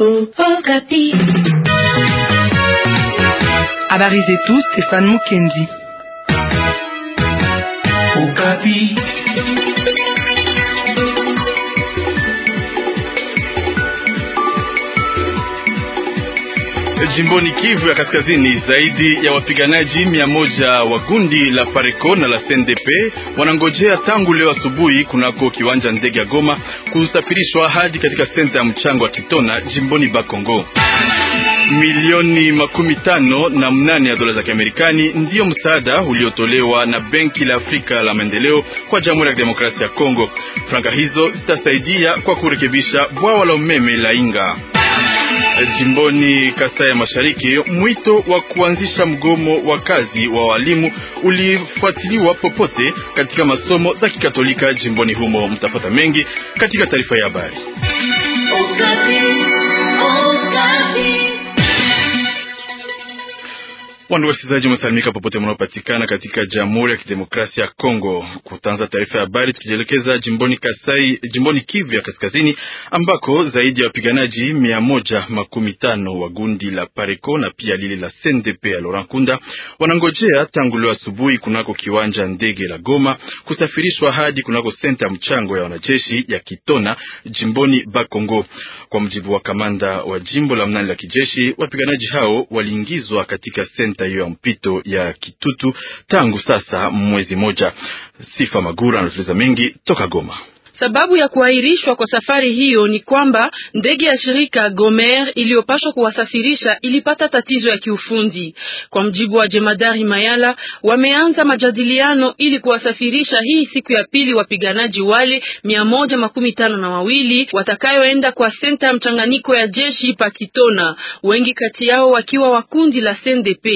Bon Ou kapi A barize tou, Stéphane Moukendi Ou kapi jimboni Kivu ya Kaskazini, zaidi ya wapiganaji mia moja wa kundi la Pareco na la CNDP wanangojea tangu leo asubuhi kunako kiwanja ndege ya Goma kusafirishwa hadi katika senta ya mchango wa Kitona jimboni Bakongo. Milioni makumi tano na mnane ya dola za Kiamerikani ndiyo msaada uliotolewa na Benki la Afrika la Maendeleo kwa Jamhuri ya Kidemokrasia ya Kongo. Franka hizo zitasaidia kwa kurekebisha bwawa la umeme la Inga. Eh, jimboni Kasai ya Mashariki, mwito wa kuanzisha mgomo wa kazi wa walimu ulifuatiliwa popote katika masomo za Kikatolika jimboni humo. Mtapata mengi katika taarifa ya habari. Wando wasikilizaji, umesalimika popote mnaopatikana katika Jamhuri ya Kidemokrasia ya Kongo. Kutanza taarifa ya habari, tukijielekeza jimboni Kasai, jimboni Kivu ya Kaskazini, ambako zaidi ya wapiganaji mia moja makumi tano wa gundi la Pareco na pia lile la CNDP ya Laurent Kunda wanangojea tangu leo asubuhi kunako kiwanja ndege la Goma kusafirishwa hadi kunako senta mchango ya wanajeshi ya Kitona jimboni Bakongo. Kwa mujibu wa kamanda wa jimbo la mnani la kijeshi, wapiganaji hao waliingizwa katika senta vita hiyo ya mpito ya Kitutu tangu sasa mwezi moja. Sifa Magura anatuliza mengi toka Goma. Sababu ya kuahirishwa kwa safari hiyo ni kwamba ndege ya shirika Gomer iliyopashwa kuwasafirisha ilipata tatizo ya kiufundi. Kwa mjibu wa jemadari Mayala, wameanza majadiliano ili kuwasafirisha hii siku ya pili wapiganaji wale mia moja makumi tano na wawili watakayoenda kwa senta ya mchanganyiko ya jeshi Pakitona, wengi kati yao wakiwa wa kundi la SNDP.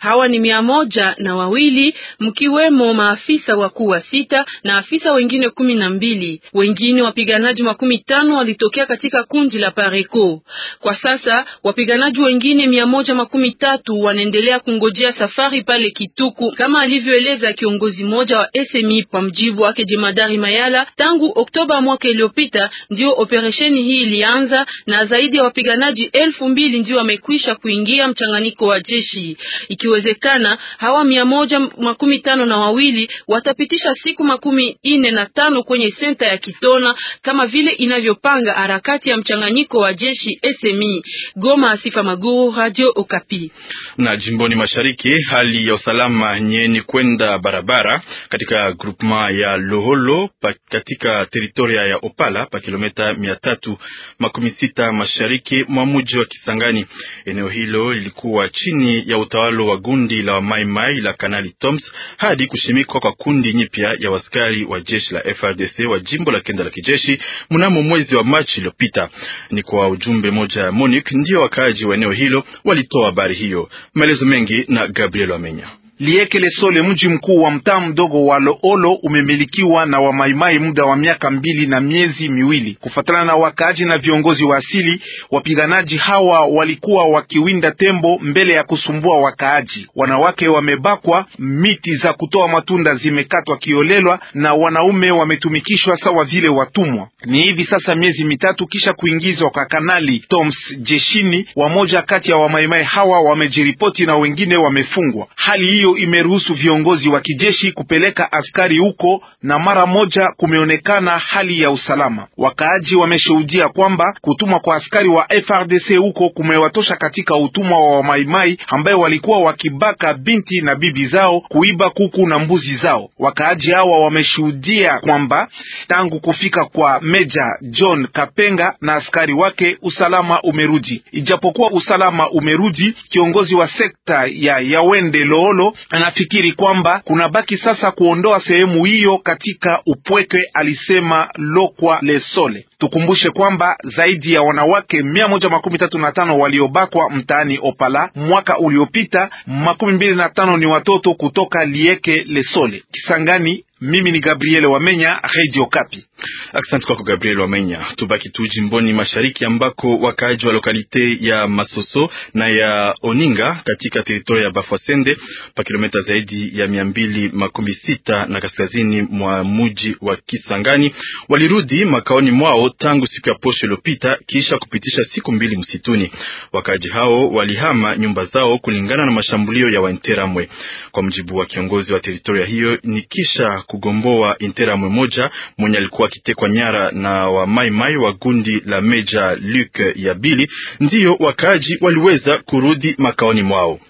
Hawa ni mia moja na wawili mkiwemo maafisa wakuu wa sita na afisa wengine kumi na mbili. Wengine wapiganaji makumi tano walitokea katika kundi la Pareko. Kwa sasa wapiganaji wengine mia moja makumi tatu wanaendelea kungojea safari pale Kituku, kama alivyoeleza kiongozi mmoja wa SMI. E kwa mjibu wake Jemadari Mayala, tangu Oktoba mwaka iliyopita ndio operesheni hii ilianza na zaidi ya wapiganaji elfu mbili ndio wamekwisha kuingia mchanganyiko wa jeshi. Ikiwezekana hawa mia moja makumi tano na wawili watapitisha siku makumi ine na tano kwenye senta ya Kitona kama vile inavyopanga harakati ya mchanganyiko wa jeshi SMI. Goma, Sifa Maguru, Radio Okapi. Na jimboni mashariki, hali ya usalama nyeni kwenda barabara katika grupma ya Loholo pa katika teritoria ya Opala pa kilomita mia tatu makumi sita mashariki mwa mji wa Kisangani. Eneo hilo lilikuwa chini ya utawalo wa gundi la Wamaimai la Kanali Toms hadi kushimikwa kwa kundi nyipya ya waskari wa jeshi la FRDC wa jimbo jimbo la kenda la kijeshi mnamo mwezi wa Machi iliyopita. Ni kwa ujumbe moja ya MONUC ndio wakaaji wa eneo hilo walitoa habari hiyo. Maelezo mengi na Gabriel Wamenya. Liekele Sole, mji mkuu wa mtaa mdogo wa Loolo, umemilikiwa na Wamaimai muda wa miaka mbili na miezi miwili. Kufuatana na wakaaji na viongozi wa asili, wapiganaji hawa walikuwa wakiwinda tembo mbele ya kusumbua wakaaji. Wanawake wamebakwa, miti za kutoa matunda zimekatwa kiolelwa, na wanaume wametumikishwa sawa vile watumwa. Ni hivi sasa miezi mitatu kisha kuingizwa kwa Kanali Toms jeshini, wamoja kati ya Wamaimai hawa wamejiripoti na wengine wamefungwa. Hali hiyo imeruhusu viongozi wa kijeshi kupeleka askari huko, na mara moja kumeonekana hali ya usalama. Wakaaji wameshuhudia kwamba kutumwa kwa askari wa FRDC huko kumewatosha katika utumwa wa wamaimai ambaye walikuwa wakibaka binti na bibi zao, kuiba kuku na mbuzi zao. Wakaaji hawa wameshuhudia kwamba tangu kufika kwa Meja John Kapenga na askari wake usalama umerudi. Ijapokuwa usalama umerudi, kiongozi wa sekta ya Yawende Loolo anafikiri kwamba baki sasa kuondoa sehemu hiyo katika upweke, alisema Lokwa Lesole. Tukumbushe kwamba zaidi ya wanawake mia moja makumi tatu na tano waliobakwa mtaani Opala mwaka uliopita, makumi mbili na tano ni watoto kutoka Lieke Lesole Kisangani. Mimi ni Gabriel Wamenya, Radio Kapi. Asante kwako Gabriel Wamenya. Tubaki tu jimboni mashariki ambako wakaaji wa lokalite ya Masoso na ya Oninga katika teritoria ya Bafwasende pa kilomita zaidi ya mia mbili makumi sita na kaskazini mwa muji wa Kisangani walirudi makaoni mwao tangu siku ya posho iliyopita, kisha kupitisha siku mbili msituni. Wakaaji hao walihama nyumba zao kulingana na mashambulio ya Wainteramwe. Kwa mjibu wa kiongozi wa teritoria hiyo, ni kisha kugomboa Interamwe moja mwenye alikuwa akitekwa nyara na Wamaimai wa gundi la Meja Luke ya Bili, ndiyo wakaaji waliweza kurudi makaoni mwao.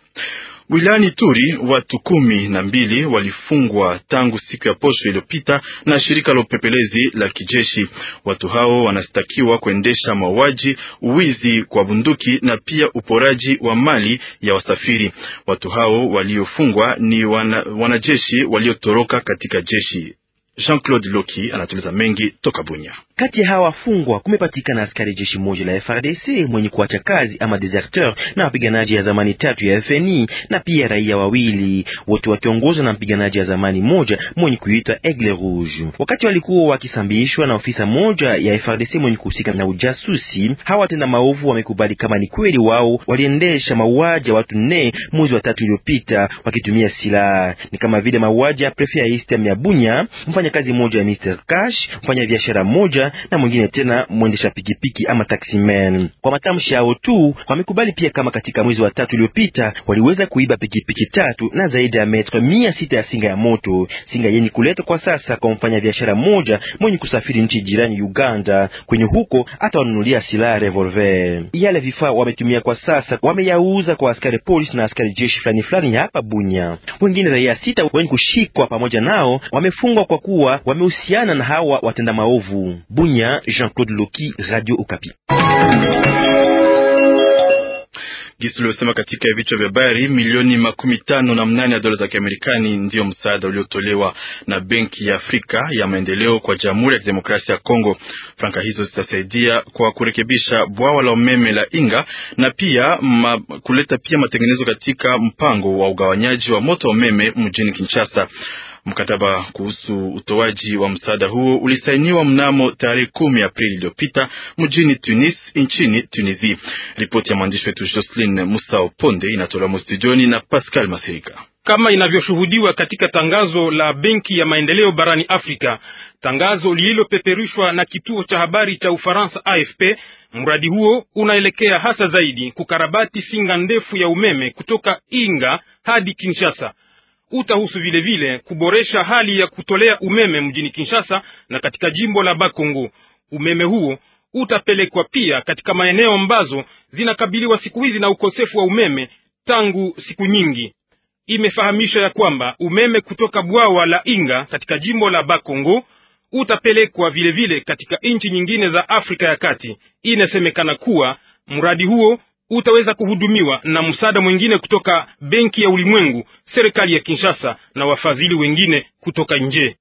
Wilayani Turi watu kumi na mbili walifungwa tangu siku ya posho iliyopita na shirika la upepelezi la kijeshi. Watu hao wanastakiwa kuendesha mauaji, uwizi kwa bunduki na pia uporaji wa mali ya wasafiri. Watu hao waliofungwa ni wana, wanajeshi waliotoroka katika jeshi Jean-Claude Loki anatuliza mengi toka Bunya. Kati ya hawa wafungwa kumepatikana askari jeshi moja la FRDC mwenye kuacha kazi ama deserteur na wapiganaji ya zamani tatu ya FNI na pia raia wawili, wote wakiongozwa na mpiganaji ya zamani moja mwenye kuitwa Aigle Rouge. Wakati walikuwa wakisambishwa na ofisa moja ya FRDC mwenye kuhusika na ujasusi, hawa tena maovu wamekubali kama ni kweli wao waliendesha mauaji ya watu nne mwezi wa tatu uliopita wakitumia silaha, ni kama vile mauaji ya prefia ya ya Bunya mfanya mfanyakazi mmoja Mr Cash, mfanya biashara mmoja na mwingine tena mwendesha pikipiki ama taximan. Kwa matamshi yao tu wamekubali pia kama katika mwezi wa tatu uliopita waliweza kuiba pikipiki tatu na zaidi ya metre mia sita ya singa ya moto, singa yenye kuleta kwa sasa kwa mfanya biashara mmoja mwenye kusafiri nchi jirani Uganda, kwenye huko atawanunulia silaha revolver. Yale vifaa wametumia kwa sasa wameyauza kwa askari polisi na askari jeshi fulani fulani hapa Bunya. Wengine raia sita wenye kushikwa pamoja nao wamefungwa kwa ku kuwa wamehusiana na hawa watenda maovu. Bunya, Jean-Claude Loki, Radio Okapi. Gisi uliosema katika vichwa vya habari, milioni makumi tano na mnane ya dola za Kiamerikani ndiyo msaada uliotolewa na Benki ya Afrika ya Maendeleo kwa Jamhuri ya Kidemokrasia ya Kongo. Franka hizo zitasaidia kwa kurekebisha bwawa la umeme la Inga na pia ma, kuleta pia matengenezo katika mpango wa ugawanyaji wa moto wa umeme mjini Kinshasa. Mkataba kuhusu utoaji wa msaada huo ulisainiwa mnamo tarehe kumi Aprili iliyopita mjini Tunis nchini Tunisia. Ripoti ya mwandishi wetu Jocelyn Musao Ponde inatolewa studioni na Pascal Masirika kama inavyoshuhudiwa katika tangazo la Benki ya Maendeleo barani Afrika, tangazo lililopeperushwa na kituo cha habari cha Ufaransa AFP. Mradi huo unaelekea hasa zaidi kukarabati singa ndefu ya umeme kutoka Inga hadi Kinshasa utahusu vile vile kuboresha hali ya kutolea umeme mjini Kinshasa na katika jimbo la Bakongo. Umeme huo utapelekwa pia katika maeneo ambazo zinakabiliwa siku hizi na ukosefu wa umeme tangu siku nyingi. Imefahamisha ya kwamba umeme kutoka bwawa la Inga katika jimbo la Bakongo utapelekwa vilevile katika nchi nyingine za Afrika ya Kati. Inasemekana kuwa mradi huo utaweza kuhudumiwa na msaada mwingine kutoka Benki ya Ulimwengu, serikali ya Kinshasa na wafadhili wengine kutoka nje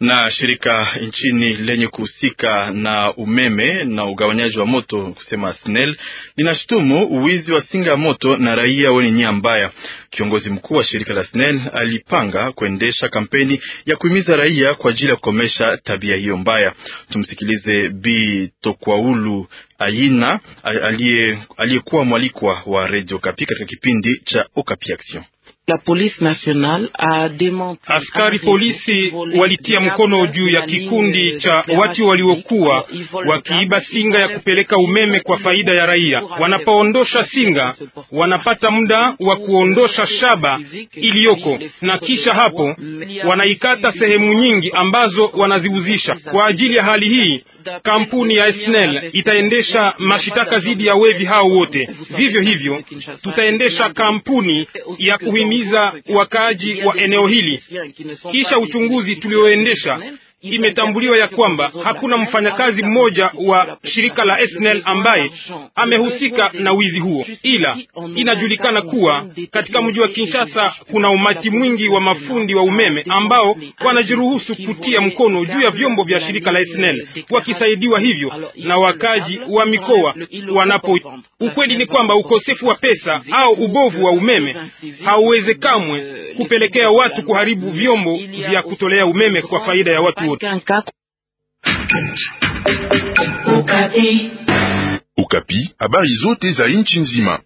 na shirika nchini lenye kuhusika na umeme na ugawanyaji wa moto kusema SNEL linashutumu uwizi wa singa moto na raia wenye nia mbaya. Kiongozi mkuu wa shirika la SNEL alipanga kuendesha kampeni ya kuhimiza raia kwa ajili ya kukomesha tabia hiyo mbaya. Tumsikilize Bi Tokwaulu Aina aliyekuwa mwalikwa wa Radio Kapi katika kipindi cha Okapi Action. Askari polisi walitia mkono juu ya kikundi cha watu waliokuwa wakiiba singa ya kupeleka umeme kwa faida ya raia. Wanapoondosha singa, wanapata muda wa kuondosha shaba iliyoko, na kisha hapo wanaikata sehemu nyingi ambazo wanaziuzisha. Kwa ajili ya hali hii, kampuni ya SNEL itaendesha mashitaka dhidi ya wevi hao wote. Vivyo hivyo, tutaendesha kampuni ya kuhimi kuwahimiza wakaaji wa eneo hili. Kisha uchunguzi tulioendesha imetambuliwa ya kwamba hakuna mfanyakazi mmoja wa shirika la SNEL ambaye amehusika na wizi huo, ila inajulikana kuwa katika mji wa Kinshasa kuna umati mwingi wa mafundi wa umeme ambao wanajiruhusu kutia mkono juu ya vyombo vya shirika la SNEL wakisaidiwa hivyo na wakaji wa mikoa wanapo. Ukweli ni kwamba ukosefu wa pesa au ubovu wa umeme hauweze kamwe kupelekea watu kuharibu vyombo vya kutolea umeme kwa faida ya watu. Ukapi, habari zote za nchi nzima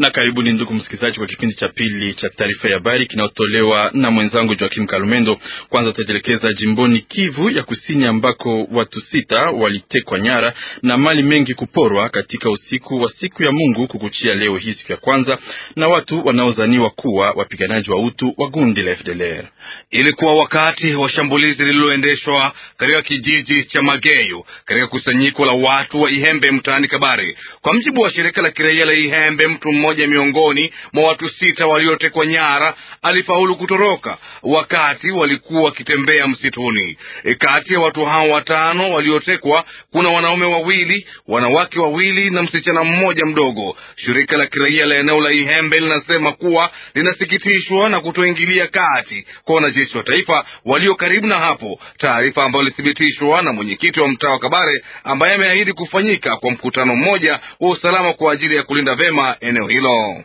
na karibuni ndugu msikilizaji, kwa kipindi cha pili cha taarifa ya habari kinayotolewa na mwenzangu Joakim Kalumendo. Kwanza tutajielekeza jimboni Kivu ya Kusini ambako watu sita walitekwa nyara na mali mengi kuporwa katika usiku wa siku ya Mungu kukuchia leo hii siku ya kwanza na watu wanaozaniwa kuwa wapiganaji wa utu wa gundi la FDLR. Ilikuwa wakati wa shambulizi lililoendeshwa katika kijiji cha Mageyo katika kusanyiko la watu wa Ihembe mtaani Kabare. Kwa mjibu wa shirika la kiraia la Ihembe, mtu mmoja mmoja miongoni mwa watu sita waliotekwa nyara alifaulu kutoroka wakati walikuwa wakitembea msituni. E, kati ya watu hao watano waliotekwa kuna wanaume wawili, wanawake wawili na msichana mmoja mdogo. Shirika la kiraia la eneo la Ihembe linasema kuwa linasikitishwa na kutoingilia kati kwa wanajeshi wa taifa walio karibu na hapo, taarifa ambayo ilithibitishwa na mwenyekiti wa mtaa wa Kabare ambaye ameahidi kufanyika kwa mkutano mmoja wa usalama kwa ajili ya kulinda vema eneo hilo.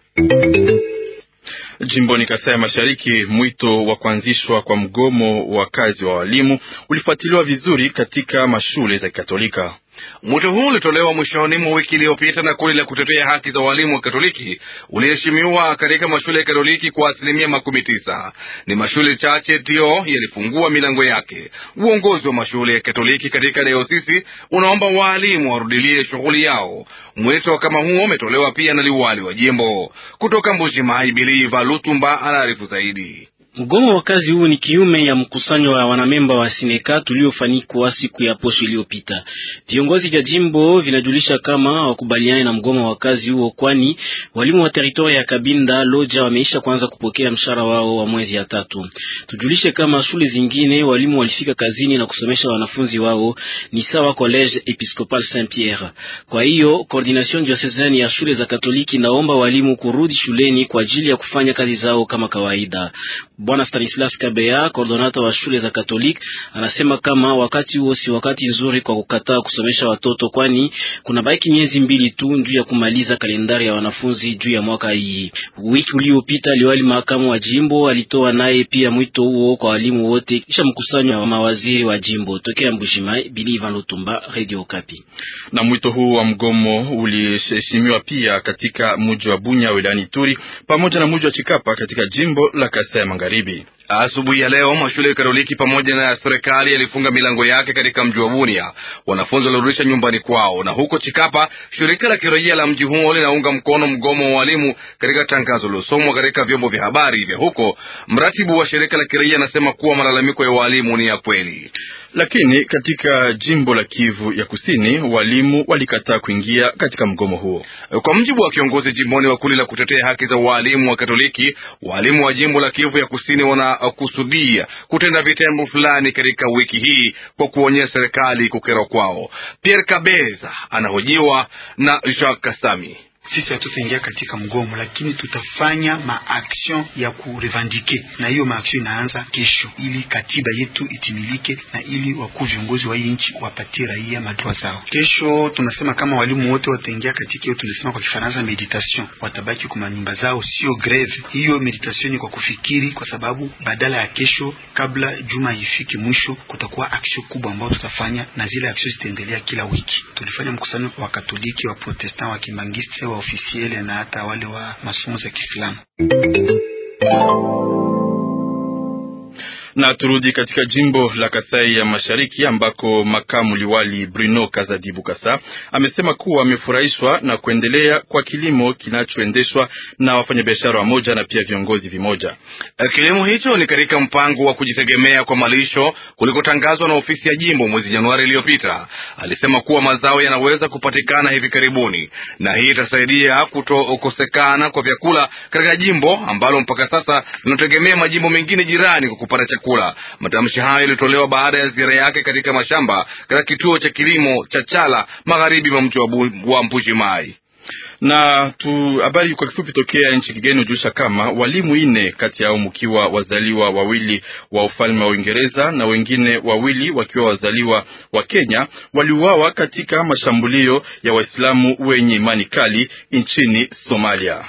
Jimboni Kasai Mashariki, mwito wa kuanzishwa kwa mgomo wa kazi wa walimu ulifuatiliwa vizuri katika mashule za Kikatolika. Mwito huu ulitolewa mwishoni mwa wiki iliyopita na kundi la kutetea haki za walimu wa Katoliki. Uliheshimiwa katika mashule ya Katoliki kwa asilimia makumi tisa. Ni mashule chache ndiyo yalifungua milango yake. Uongozi wa mashule ya Katoliki katika dayosisi unaomba waalimu warudilie shughuli yao. Mwito kama huo umetolewa pia na liwali wa jimbo kutoka mbujimai bilii valutumba anaarifu zaidi. Mgomo wa kazi huu ni kinyume ya mkusanyo wa wanamemba wa Sineka tuliofanikiwa siku ya posho iliyopita. Viongozi vya jimbo vinajulisha kama hawakubaliani na mgomo wa kazi huo, kwani walimu wa teritoria ya Kabinda Loja wameisha kuanza kupokea mshahara wao wa mwezi ya tatu. Tujulishe kama shule zingine walimu walifika kazini na kusomesha wanafunzi wao, ni sawa College Episcopal Saint Pierre. Kwa hiyo coordination diocesani ya shule za Katoliki naomba walimu kurudi shuleni kwa ajili ya kufanya kazi zao kama kawaida. Bwana Stanislas Kabea, kordonata wa shule za Katolik, anasema kama wakati huo si wakati nzuri kwa kukataa kusomesha watoto, kwani kuna baki miezi mbili tu juu ya kumaliza kalendari ya wanafunzi juu ya mwaka hii. Wiki uliopita liwali makamu wa jimbo alitoa naye pia mwito huo kwa walimu wote kisha mkusanyo wa mawaziri wa jimbo tokea Mbushimai. Bili Ivan Lutumba, Radio Kapi. Na mwito huu wa mgomo uliheshimiwa pia katika mji wa Bunya wilayani Turi pamoja na mji wa Chikapa katika jimbo la Kasai Magharibi magharibi. Asubuhi ya leo mashule ya Katoliki pamoja na serikali yalifunga milango yake katika mji wa Bunia. Wanafunzi walirudisha nyumbani kwao. Na huko Chikapa, shirika la kiraia la mji huo linaunga mkono mgomo wa walimu. Katika tangazo lilosomwa katika vyombo vya habari vya huko, mratibu wa shirika la kiraia anasema kuwa malalamiko ya walimu ni ya kweli. Lakini katika jimbo la Kivu ya Kusini, walimu walikataa kuingia katika mgomo huo. Kwa mjibu wa kiongozi jimboni wa kundi la kutetea haki za waalimu wa Katoliki, waalimu wa jimbo la Kivu ya Kusini wanakusudia kutenda vitendo fulani katika wiki hii kwa kuonyesha serikali kukerwa kwao. Pierre Kabeza anahojiwa na Jacques Kasami sisi hatutaingia katika mgomo, lakini tutafanya maaction ya kurevandike, na hiyo maaction inaanza kesho, ili katiba yetu itimilike na ili wakuu viongozi wa hii nchi wapatie raia madua zao. Kesho tunasema kama walimu wote wataingia katika hiyo, tunasema kwa Kifaransa meditation, watabaki kwa manyumba zao, sio greve. Hiyo meditation ni kwa kufikiri, kwa sababu badala ya kesho, kabla juma ifike mwisho, kutakuwa action kubwa ambayo tutafanya, na zile action zitaendelea kila wiki. Tulifanya mkusanyo wa Katoliki, wa Protestant, wa Kimbangisti waofisiele na hata wale wa masomo za Kiislamu. Na turudi katika jimbo la Kasai ya Mashariki ambako makamu liwali Bruno Kazadi Bukasa amesema kuwa amefurahishwa na kuendelea kwa kilimo kinachoendeshwa na wafanyabiashara wamoja na pia viongozi vimoja. Eh, kilimo hicho ni katika mpango wa kujitegemea kwa malisho kulikotangazwa na ofisi ya jimbo mwezi Januari iliyopita. Alisema kuwa mazao yanaweza kupatikana hivi karibuni na hii itasaidia kutokosekana kwa vyakula katika jimbo ambalo mpaka sasa linategemea majimbo mengine jirani kwa kupata chakula chakula. Matamshi hayo yalitolewa baada ya ziara yake katika mashamba katika kituo cha kilimo cha Chala magharibi mwa mji wa mbuji na tu habari kwa kifupi tokea nchi kigeni hujulisha kama walimu ine kati yao mkiwa wazaliwa wawili wa ufalme wa Uingereza na wengine wawili wakiwa wazaliwa wa Kenya waliuawa katika mashambulio ya Waislamu wenye imani kali nchini Somalia.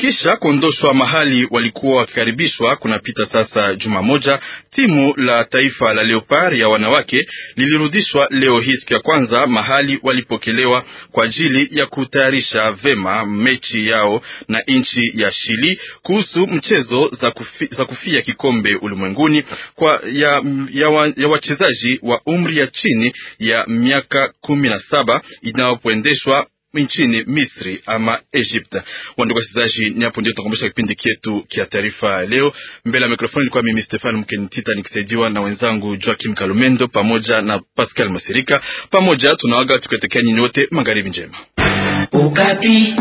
Kisha kuondoshwa mahali walikuwa wakikaribishwa kunapita sasa juma moja, timu la taifa la Leopard ya wanawake lilirudishwa leo hii siku ya kwanza mahali walipokelewa kwa ajili ya kutayarisha vema mechi yao na nchi ya Shili kuhusu mchezo za, kufi, za kufia kikombe ulimwenguni kwa ya, ya, wa, ya wachezaji wa umri ya chini ya miaka kumi na saba inayopoendeshwa nchini Misri ama Egypt. Wandugu wasikilizaji, ni hapo ndio tunakomesha kipindi kyetu kya taarifa leo. Mbele ya mikrofoni ilikuwa mimi Stefan Mkenitita nikisaidiwa na wenzangu Joakim Kalumendo pamoja na Pascal Masirika. Pamoja tunawaga tukiwatakia nyinyi wote magharibi njema. Ukati.